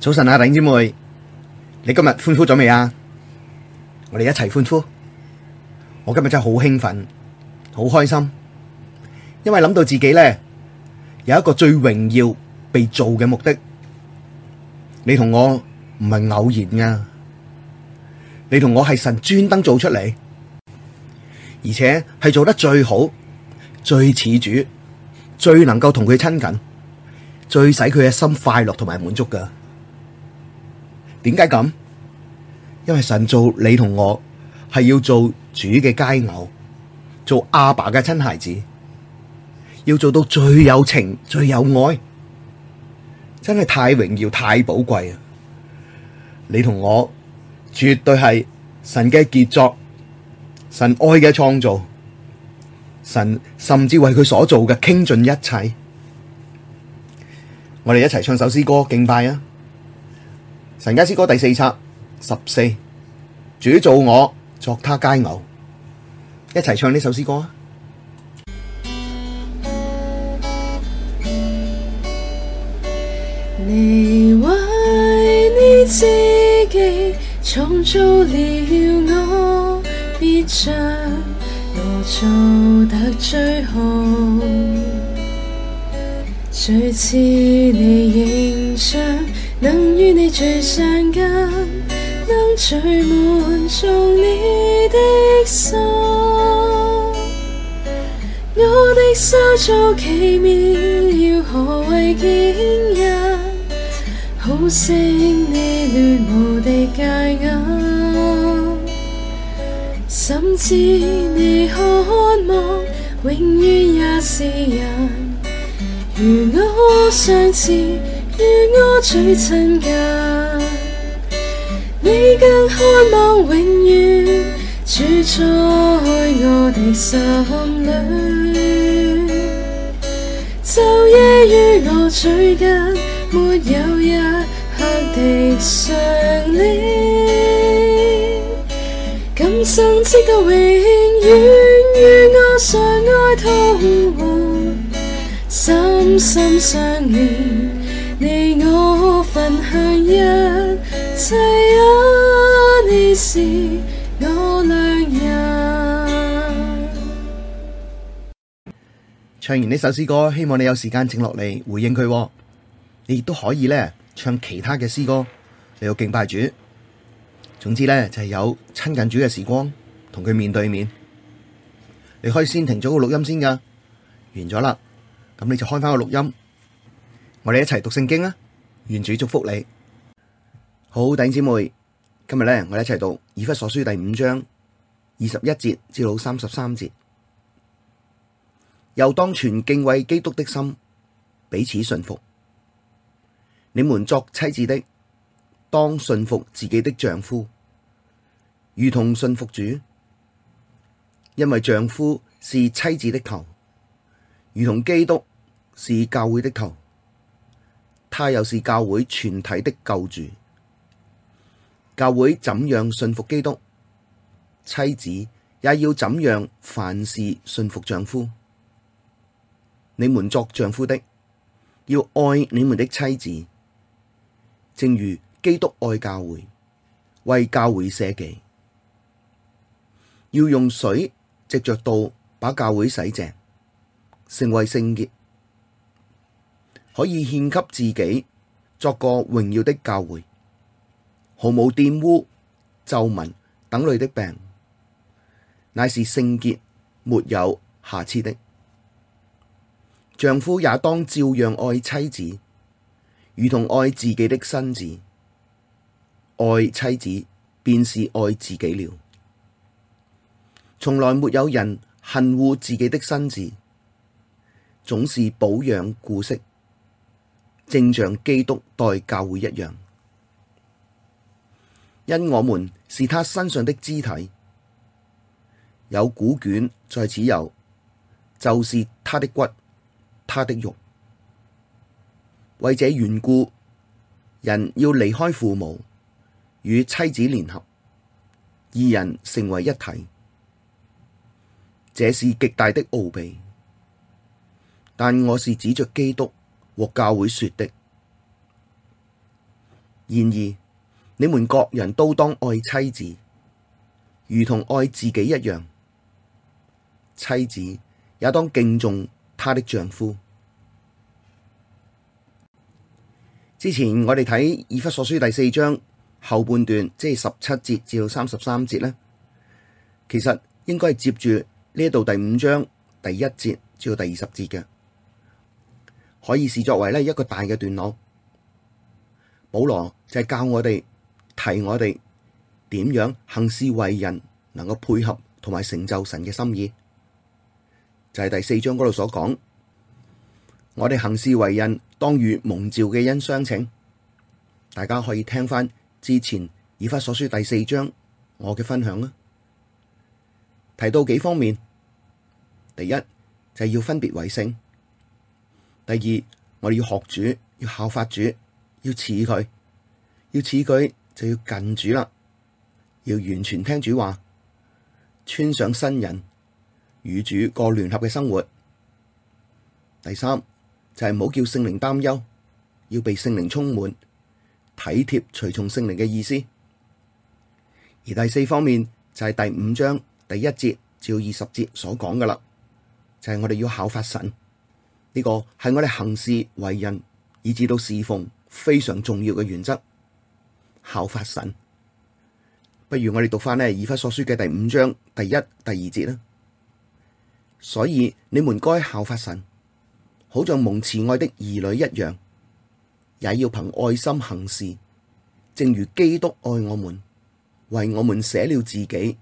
早晨啊，弟姐妹，你今日歡呼咗未啊？我哋一齊歡呼！我今日真係好興奮，好開心，因為諗到自己呢有一個最榮耀被造嘅目的，你同我唔係偶然噶，你同我係神專登做出嚟，而且係做得最好、最似主、最能夠同佢親近、最使佢嘅心快樂同埋滿足噶。點解咁？因為神做你同我係要做主嘅佳偶，做阿爸嘅親孩子，要做到最有情、最有愛，真係太榮耀、太寶貴啊！你同我絕對係神嘅傑作，神愛嘅創造，神甚至為佢所做嘅傾盡一切。我哋一齊唱首詩歌敬拜啊！神家詩歌第四冊十四主造我作他佳偶，一齊唱呢首詩歌啊！嗯、你為你自己創造了我別，必將我造得最好，最似你形象。能與你最相近，能最滿足你的心。我的受造奇妙，可畏，驚人，好成你戀慕的佳偶，甚至你渴望永遠也是人，與我相似，與我最親近，你更渴望永遠住在我的心裡。晝夜與我最近，沒有一刻的相離。今生直到永遠，與我相愛同活，心心相連。你我分享一切啊！你是我良人。唱完呢首詩歌，希望你有時間靜落嚟回應佢。你亦都可以咧唱其他嘅詩歌，你要敬拜主。總之咧就係、是、有親近主嘅時光，同佢面對面。你可以先停咗個錄音先噶，完咗啦，咁你就開返個錄音。我哋一齊讀聖經啊！願主祝福你。好，弟兄姊妹，今日咧，我哋一齊讀以弗所書第五章二十一節至到三十三節。又當存敬畏基督的心，彼此順服。你們作妻子的，當順服自己的丈夫，如同順服主，因為丈夫是妻子的頭，如同基督是教會的頭。他又是教會全體的救主。教會怎樣順服基督，妻子也要怎樣凡事順服丈夫。你們作丈夫的，要愛你們的妻子，正如基督愛教會，為教會捨己，要用水藉著道把教會洗淨，成為聖潔。可以獻給自己作個榮耀的教會，毫無玷污、皺紋等類的病，乃是聖潔，沒有瑕疵的。丈夫也當照樣愛妻子，如同愛自己的身子，愛妻子便是愛自己了。從來沒有人恨惡自己的身子，總是保養顧惜。正像基督待教會一樣，因我們是他身上的肢體，有古卷在此有，就是他的骨，他的肉。為這緣故，人要離開父母與妻子聯合，二人成為一體。這是極大的奧祕。但我是指着基督。或教會說的。然而，你們各人都當愛妻子，如同愛自己一樣。妻子也當敬重她的丈夫。之前我哋睇以弗所書第四章後半段，即係十七節至到三十三節呢，其實應該係接住呢度第五章第一節至到第二十節嘅。可以視作為呢一個大嘅段落，保羅就係教我哋提我哋點樣行事為人，能夠配合同埋成就神嘅心意，就係、是、第四章嗰度所講。我哋行事為人當與蒙召嘅恩相稱，大家可以聽翻之前以弗所書第四章我嘅分享啦，提到幾方面，第一就係、是、要分別為聖。第二，我哋要學主，要效法主，要似佢，要似佢就要近主啦，要完全聽主話，穿上新人，與主過聯合嘅生活。第三就係唔好叫聖靈擔憂，要被聖靈充滿，體貼隨從聖靈嘅意思。而第四方面就係第五章第一節至二十節所講噶啦，就係我哋要效法神。呢個係我哋行事為人以至到侍奉，非常重要嘅原則，效法神。不如我哋讀翻呢以弗所書嘅第五章第一第二節啦。所以你們該效法神，好像蒙慈愛的兒女一樣，也要憑愛心行事，正如基督愛我們，為我們捨了自己，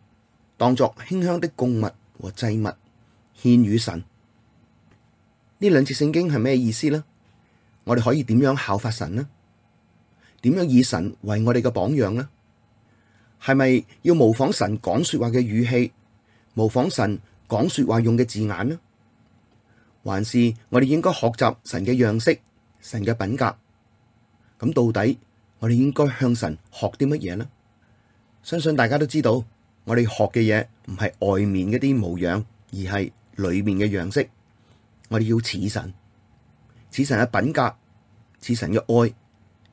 當作馨香的供物和祭物獻與神。呢兩節聖經係咩意思呢？我哋可以點樣效法神呢？點樣以神為我哋嘅榜樣呢？係咪要模仿神講說話嘅語氣，模仿神講說話用嘅字眼呢？還是我哋應該學習神嘅樣式、神嘅品格？咁到底我哋應該向神學啲乜嘢呢？相信大家都知道，我哋學嘅嘢唔係外面嗰啲模樣，而係裏面嘅樣式。我哋要似神，似神嘅品格，似神嘅愛，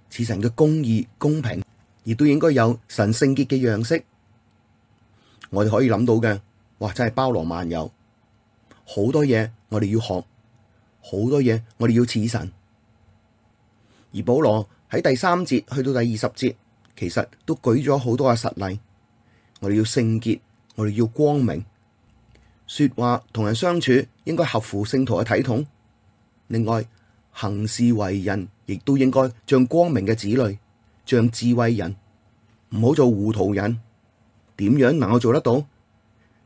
似神嘅公義、公平，亦都應該有神聖潔嘅樣式。我哋可以諗到嘅，哇，真係包羅萬有，好多嘢我哋要學，好多嘢我哋要似神。而保羅喺第三節去到第二十節，其實都舉咗好多嘅實例。我哋要聖潔，我哋要光明。說話同人相處應該合乎聖徒嘅體統，另外行事為人亦都應該像光明嘅子女，像智慧人，唔好做糊塗人。點樣能夠做得到？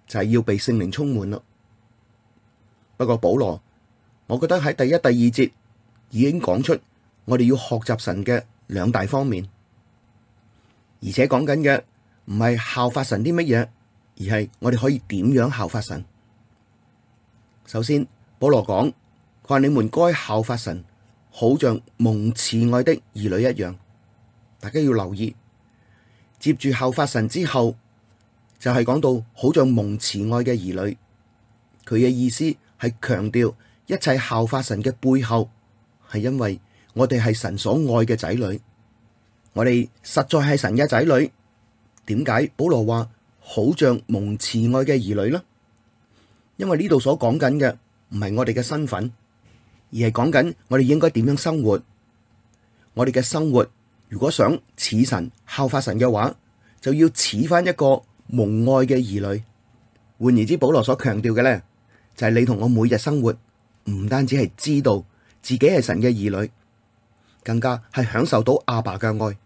就係要被聖靈充滿啦。不過保羅，我覺得喺第一、第二節已經講出我哋要學習神嘅兩大方面，而且講緊嘅唔係效法神啲乜嘢。而係我哋可以點樣效法神？首先，保羅講，佢話你們該效法神，好像蒙慈愛的兒女一樣。大家要留意，接住效法神之後，就係講到好像蒙慈愛嘅兒女。佢嘅意思係強調，一切效法神嘅背後，係因為我哋係神所愛嘅仔女。我哋實在係神嘅仔女。點解？保羅話好像蒙慈愛嘅兒女啦，因為呢度所講緊嘅唔係我哋嘅身份，而係講緊我哋應該點樣生活。我哋嘅生活如果想似神、效法神嘅話，就要似翻一個蒙愛嘅兒女。換言之，保羅所強調嘅咧，就係你同我每日生活，唔單止係知道自己係神嘅兒女，更加係享受到阿爸嘅愛，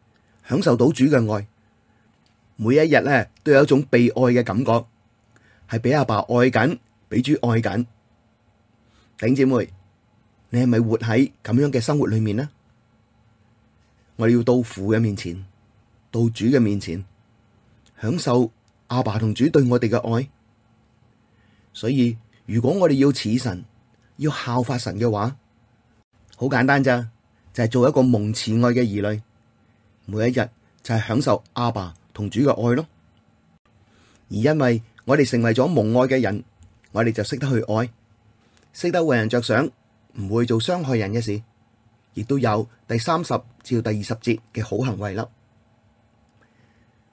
享受到主嘅愛。每一日咧，都有一種被愛嘅感覺，係俾阿爸愛緊，俾主愛緊。頂姐妹，你係咪活喺咁樣嘅生活裏面呢？我哋要到父嘅面前，到主嘅面前，享受阿爸同主對我哋嘅愛。所以，如果我哋要似神，要效法神嘅話，好簡單咋，就係、是、做一個蒙慈愛嘅兒女，每一日就係享受阿爸，爸。同主嘅愛咯，而因為我哋成為咗蒙愛嘅人，我哋就識得去愛，識得為人着想，唔會做傷害人嘅事，亦都有第三十至到第二十節嘅好行為啦。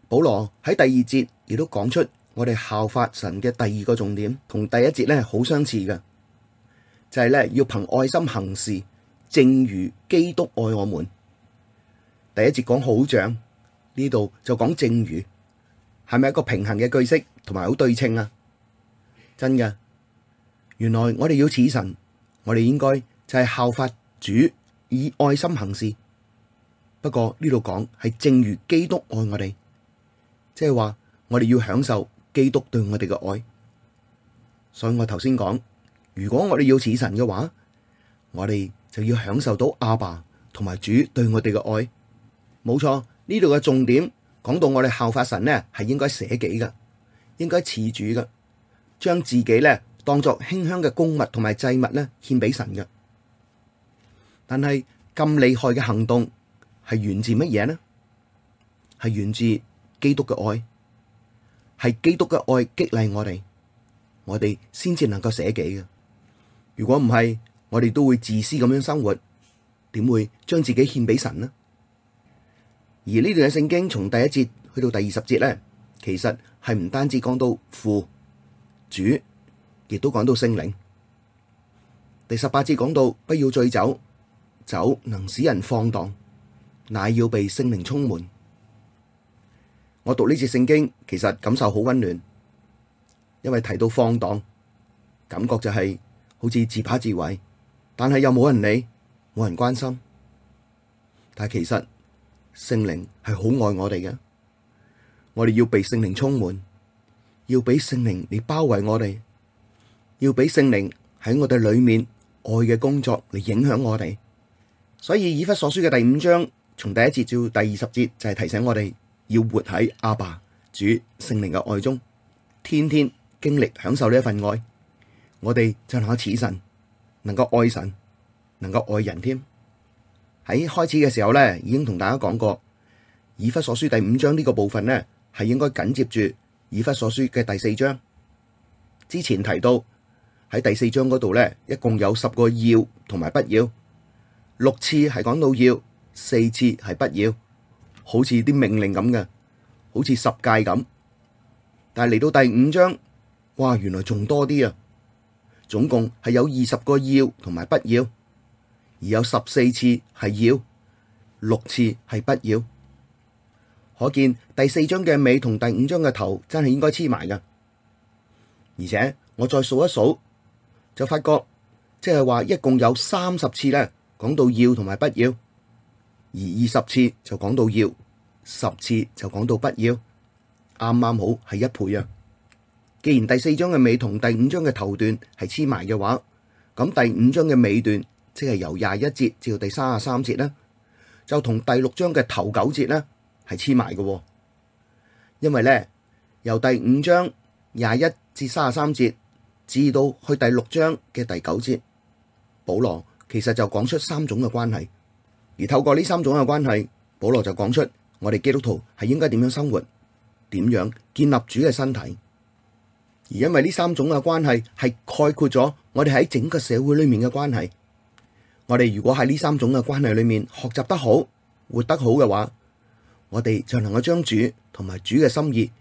保羅喺第二節亦都講出我哋效法神嘅第二個重點，同第一節咧好相似嘅，就係、是、咧要憑愛心行事，正如基督愛我們。第一節講好像。呢度就講正如，係咪一個平衡嘅句式，同埋好對稱啊！真嘅，原來，我哋要似神，我哋應該就係效法主，以愛心行事。不過呢度講係正如基督愛我哋，即係話我哋要享受基督對我哋嘅愛。所以我頭先講，如果我哋要似神嘅話，我哋就要享受到阿爸同埋主對我哋嘅愛，冇錯。呢度嘅重點講到我哋效法神呢，係應該捨己嘅，應該賜主嘅，將自己呢當作馨香嘅供物同埋祭物呢獻俾神嘅。但係咁厲害嘅行動係源自乜嘢呢？係源自基督嘅愛，係基督嘅愛激勵我哋，我哋先至能夠捨己嘅。如果唔係，我哋都會自私咁樣生活，點會將自己獻俾神呢？而呢段嘅聖經從第一節去到第二十節咧，其實係唔單止講到父、主，亦都講到聖靈。第十八節講到不要醉酒，酒能使人放蕩，乃要被聖靈充滿。我讀呢節聖經，其實感受好溫暖，因為提到放蕩，感覺就係、是、好似自把自毀，但係又冇人理，冇人關心。但係其實。聖靈係好愛我哋嘅，我哋要被聖靈充滿，要俾聖靈嚟包圍我哋，要俾聖靈喺我哋裏面愛嘅工作嚟影響我哋。所以以弗所書嘅第五章，從第一節至第二十節就係、是、提醒我哋要活喺阿爸主聖靈嘅愛中，天天經歷享受呢一份愛。我哋就可似神，能夠愛神，能夠愛人添。喺開始嘅時候咧，已經同大家講過《以弗所書》第五章呢個部分咧，係應該緊接住《以弗所書》嘅第四章。之前提到喺第四章嗰度咧，一共有十個要同埋不要，六次係講到要，四次係不要，好似啲命令咁嘅，好似十誡咁。但係嚟到第五章，哇，原來仲多啲啊！總共係有二十個要同埋不要。而有十四次係要，六次係不要，可見第四章嘅尾同第五章嘅頭真係應該黐埋㗎。而且我再數一數，就發覺即係話一共有三十次呢講到要同埋不要，而二十次就講到要，十次就講到不要，啱啱好係一倍啊！既然第四章嘅尾同第五章嘅頭段係黐埋嘅話，咁第五章嘅尾段。即係由廿一節至到第三十三節啦，就同第六章嘅頭九節啦係黐埋嘅，因為咧由第五章廿一至三十三節至到去第六章嘅第九節，保羅其實就講出三種嘅關係，而透過呢三種嘅關係，保羅就講出我哋基督徒係應該點樣生活，點樣建立主嘅身體，而因為呢三種嘅關係係概括咗我哋喺整個社會裏面嘅關係。我哋如果喺呢三種嘅關係裏面學習得好，活得好嘅話，我哋就能夠將主同埋主嘅心意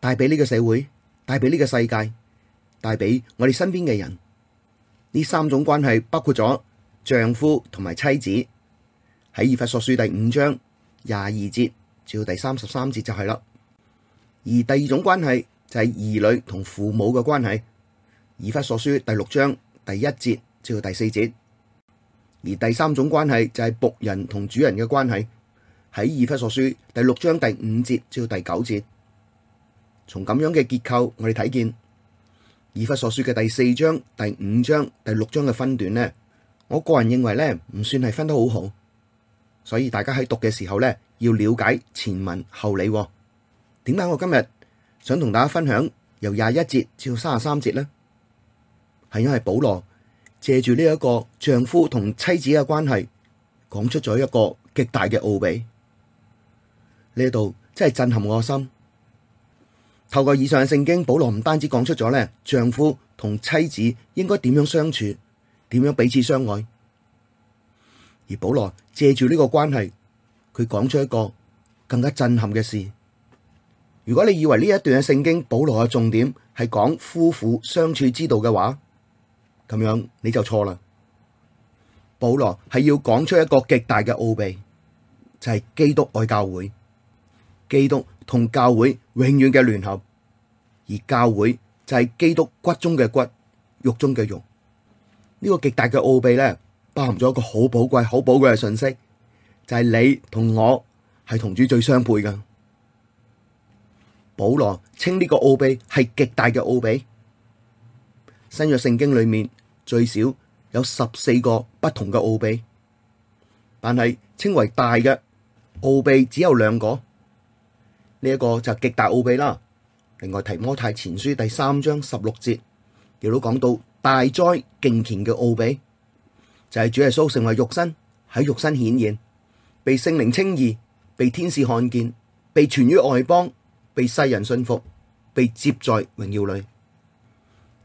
帶俾呢個社會，帶俾呢個世界，帶俾我哋身邊嘅人。呢三種關係包括咗丈夫同埋妻子，喺以弗所書第五章廿二節至到第三十三節就係啦。而第二種關係就係兒女同父母嘅關係，以弗所書第六章第一節至到第四節。而第三種關係就係僕人同主人嘅關係，喺以弗所書第六章第五節至到第九節。從咁樣嘅結構我，我哋睇見以弗所書嘅第四章、第五章、第六章嘅分段呢，我個人認為呢唔算係分得好好，所以大家喺讀嘅時候呢要了解前文後理。點解我今日想同大家分享由廿一節至到三十三節呢？係因為保羅。借住呢一個丈夫同妻子嘅關係，講出咗一個極大嘅奧祕。呢度真係震撼我心。透過以上嘅聖經，保羅唔單止講出咗呢丈夫同妻子應該點樣相處，點樣彼此相愛。而保羅借住呢個關係，佢講出一個更加震撼嘅事。如果你以為呢一段嘅聖經，保羅嘅重點係講夫婦相處之道嘅話，咁樣你就錯啦！保羅係要講出一個極大嘅奧祕，就係、是、基督愛教會，基督同教會永遠嘅聯合，而教會就係基督骨中嘅骨、肉中嘅肉。呢、這個極大嘅奧祕咧，包含咗一個好寶貴、好寶貴嘅信息，就係、是、你同我係同主最相配嘅。保羅稱呢個奧祕係極大嘅奧祕，新約聖經裏面。最少有十四個不同嘅奧祕，但係稱為大嘅奧祕只有兩個。呢、這、一個就極大奧祕啦。另外，提摩太前書第三章十六節，亦都講到大哉敬虔嘅奧祕，就係、是、主耶穌成為肉身喺肉身顯現，被聖靈稱義，被天使看見，被傳於外邦，被世人信服，被接在榮耀裏。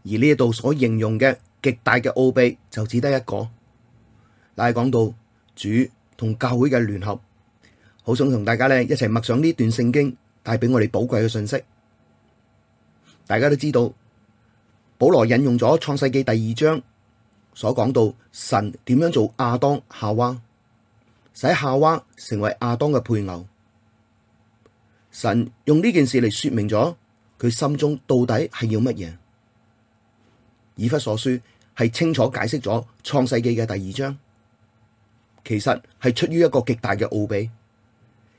而呢一度所形容嘅。極大嘅奧祕就只得一個。乃係講到主同教會嘅聯合，好想同大家咧一齊默想呢段聖經帶俾我哋寶貴嘅信息。大家都知道，保羅引用咗創世紀第二章所講到神點樣做亞當夏娃，使夏娃成為亞當嘅配偶。神用呢件事嚟說明咗佢心中到底係要乜嘢。以弗所書係清楚解釋咗創世紀嘅第二章，其實係出於一個極大嘅奧祕，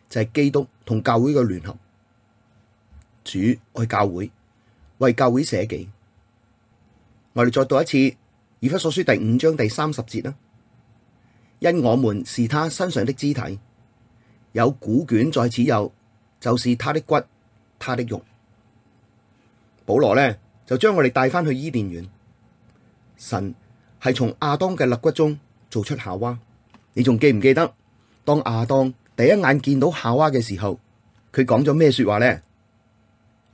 就係基督同教會嘅聯合。主愛教會，為教會捨己。我哋再讀一次以弗所書第五章第三十節啦。因我們是他身上的肢體，有古卷在此有，就是他的骨，他的肉。保羅呢，就將我哋帶翻去伊甸園。神係從亞當嘅肋骨中做出夏娃，你仲記唔記得？當亞當第一眼見到夏娃嘅時候，佢講咗咩說話呢？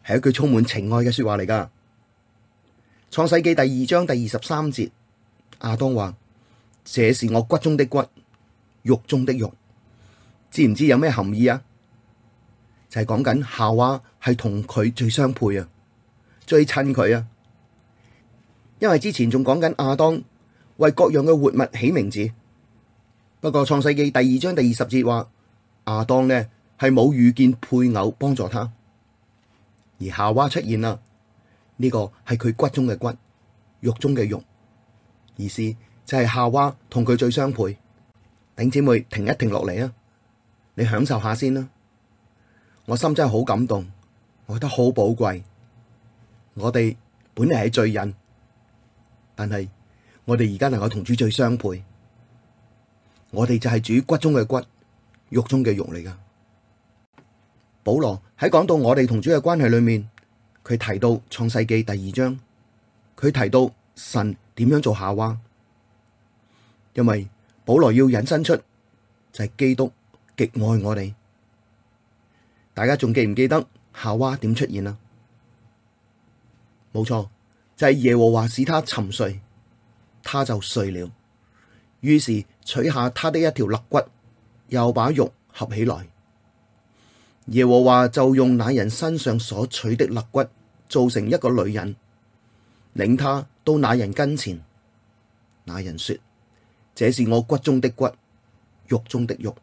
係一句充滿情愛嘅說話嚟噶。創世記第二章第二十三節，亞當話：這是我骨中的骨，肉中的肉。知唔知有咩含義啊？就係講緊夏娃係同佢最相配啊，最襯佢啊。因為之前仲講緊亞當為各樣嘅活物起名字，不過創世紀第二章第二十節話亞當呢係冇遇見配偶幫助他，而夏娃出現啦，呢、這個係佢骨中嘅骨，肉中嘅肉，意思就係夏娃同佢最相配。頂姐妹停一停落嚟啊，你享受下先啦，我心真係好感動，我覺得好寶貴，我哋本嚟係罪人。但係我哋而家能夠同主最相配，我哋就係主骨中嘅骨、肉中嘅肉嚟噶。保羅喺講到我哋同主嘅關係裏面，佢提到創世紀第二章，佢提到神點樣做夏娃，因為保羅要引申出就係基督極愛我哋。大家仲記唔記得夏娃點出現啊？冇錯。就係耶和華使他沉睡，他就睡了。於是取下他的一條肋骨，又把肉合起來。耶和華就用那人身上所取的肋骨做成一個女人，領他到那人跟前。那人說：「這是我骨中的骨，肉中的肉。」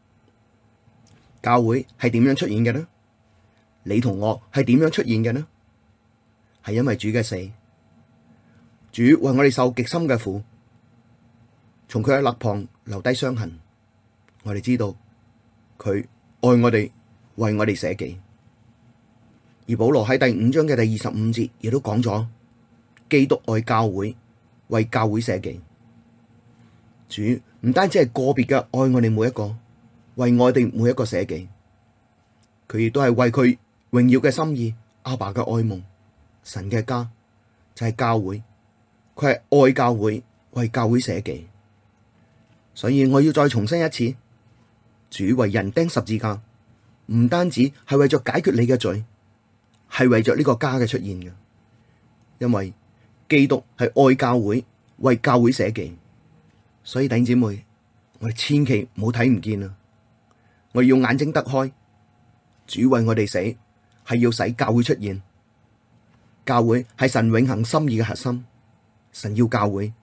教會係點樣出現嘅呢？你同我係點樣出現嘅呢？係因為主嘅死。主為我哋受極深嘅苦，從佢喺肋旁留低傷痕，我哋知道佢愛我哋，為我哋捨己。而保羅喺第五章嘅第二十五節亦都講咗，基督愛教會，為教會捨己。主唔單止係個別嘅愛我哋每一個，為我哋每一個捨己，佢亦都係為佢榮耀嘅心意，阿爸嘅愛夢，神嘅家就係、是、教會。佢係愛教會，為教會捨己，所以我要再重申一次，主為人釘十字架，唔單止係為咗解決你嘅罪，係為咗呢個家嘅出現嘅，因為基督係愛教會，為教會捨己，所以弟兄姊妹，我哋千祈唔好睇唔見啊！我要用眼睛得開，主為我哋死，係要使教會出現，教會係神永恆心意嘅核心。神要教會，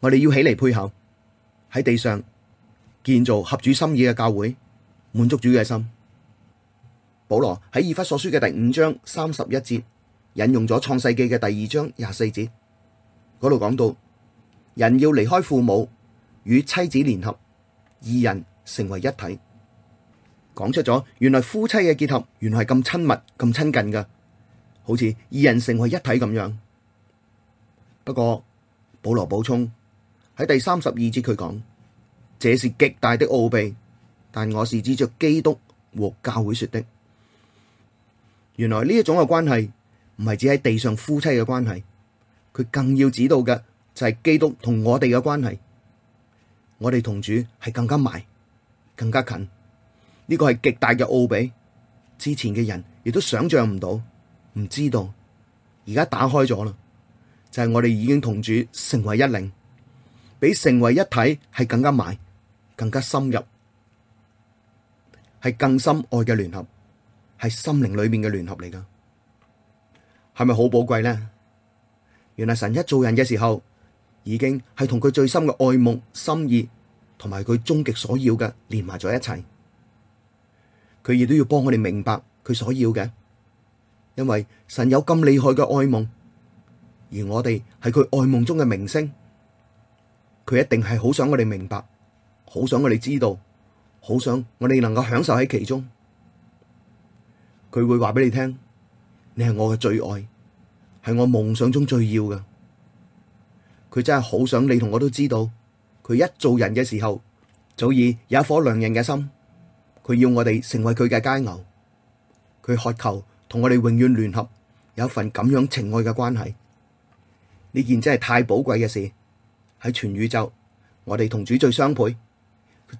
我哋要起嚟配合，喺地上建造合主心意嘅教會，滿足主嘅心。保羅喺以弗所書嘅第五章三十一節引用咗創世記嘅第二章廿四節，嗰度講到人要離開父母與妻子聯合，二人成為一體，講出咗原來夫妻嘅結合原來係咁親密、咁親近㗎，好似二人成為一體咁樣。不過保羅補充喺第三十二節，佢講，這是極大的奧祕，但我是指着基督和教會說的。原來呢一種嘅關係唔係指喺地上夫妻嘅關係，佢更要指到嘅就係基督同我哋嘅關係，我哋同主係更加埋、更加近，呢個係極大嘅奧祕。之前嘅人亦都想象唔到，唔知道，而家打開咗啦。就係我哋已經同主成為一靈，比成為一體係更加埋，更加深入，係更深愛嘅聯合，係心靈裏面嘅聯合嚟噶，係咪好寶貴呢？原來神一做人嘅時候，已經係同佢最深嘅愛慕、心意同埋佢終極所要嘅連埋咗一齊，佢亦都要幫我哋明白佢所要嘅，因為神有咁厲害嘅愛夢。而我哋係佢愛夢中嘅明星，佢一定係好想我哋明白，好想我哋知道，好想我哋能夠享受喺其中。佢會話俾你聽，你係我嘅最愛，係我夢想中最要嘅。佢真係好想你同我都知道，佢一做人嘅時候早已有一顆良人嘅心，佢要我哋成為佢嘅佳偶，佢渴求同我哋永遠聯合，有一份咁樣情愛嘅關係。呢件真係太寶貴嘅事，喺全宇宙，我哋同主最相配，佢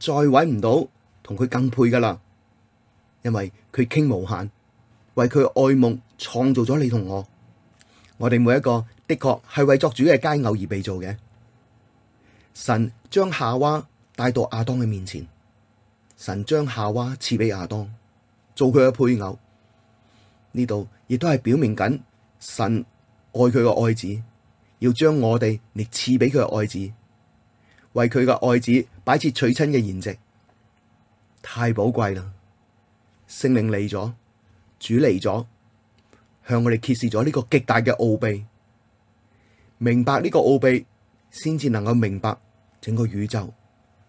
再揾唔到同佢更配噶啦，因為佢傾無限，為佢嘅愛夢創造咗你同我，我哋每一個的確係為作主嘅佳偶而被做嘅。神將夏娃帶到亞當嘅面前，神將夏娃賜俾亞當做佢嘅配偶，呢度亦都係表明緊神愛佢嘅愛子。要將我哋嚟賜俾佢嘅愛子，為佢嘅愛子擺設娶親嘅筵席，太寶貴啦！聖靈嚟咗，主嚟咗，向我哋揭示咗呢個極大嘅奧祕。明白呢個奧祕，先至能夠明白整個宇宙，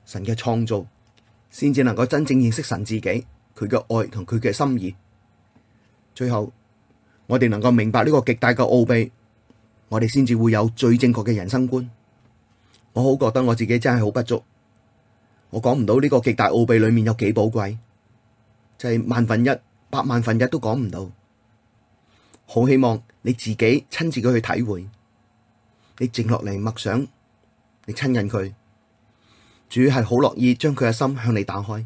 神嘅創造，先至能夠真正認識神自己，佢嘅愛同佢嘅心意。最後，我哋能夠明白呢個極大嘅奧祕。我哋先至會有最正確嘅人生觀。我好覺得我自己真係好不足，我講唔到呢個極大奧秘裏面有幾寶貴，就係、是、萬分一、百萬分一都講唔到。好希望你自己親自去去體會，你靜落嚟默想，你親近佢，主要係好樂意將佢嘅心向你打開。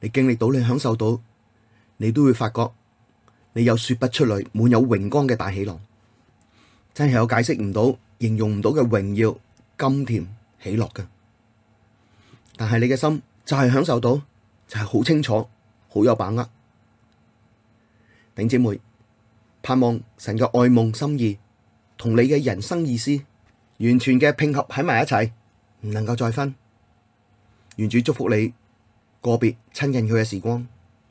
你經歷到，你享受到，你都會發覺你有說不出嚟、滿有榮光嘅大喜樂。真係有解釋唔到、形容唔到嘅榮耀、甘甜喜樂嘅，但係你嘅心就係享受到，就係、是、好清楚、好有把握。弟兄姊妹，盼望神嘅愛夢心意同你嘅人生意思完全嘅拼合喺埋一齊，唔能夠再分。願主祝福你個別親近佢嘅時光。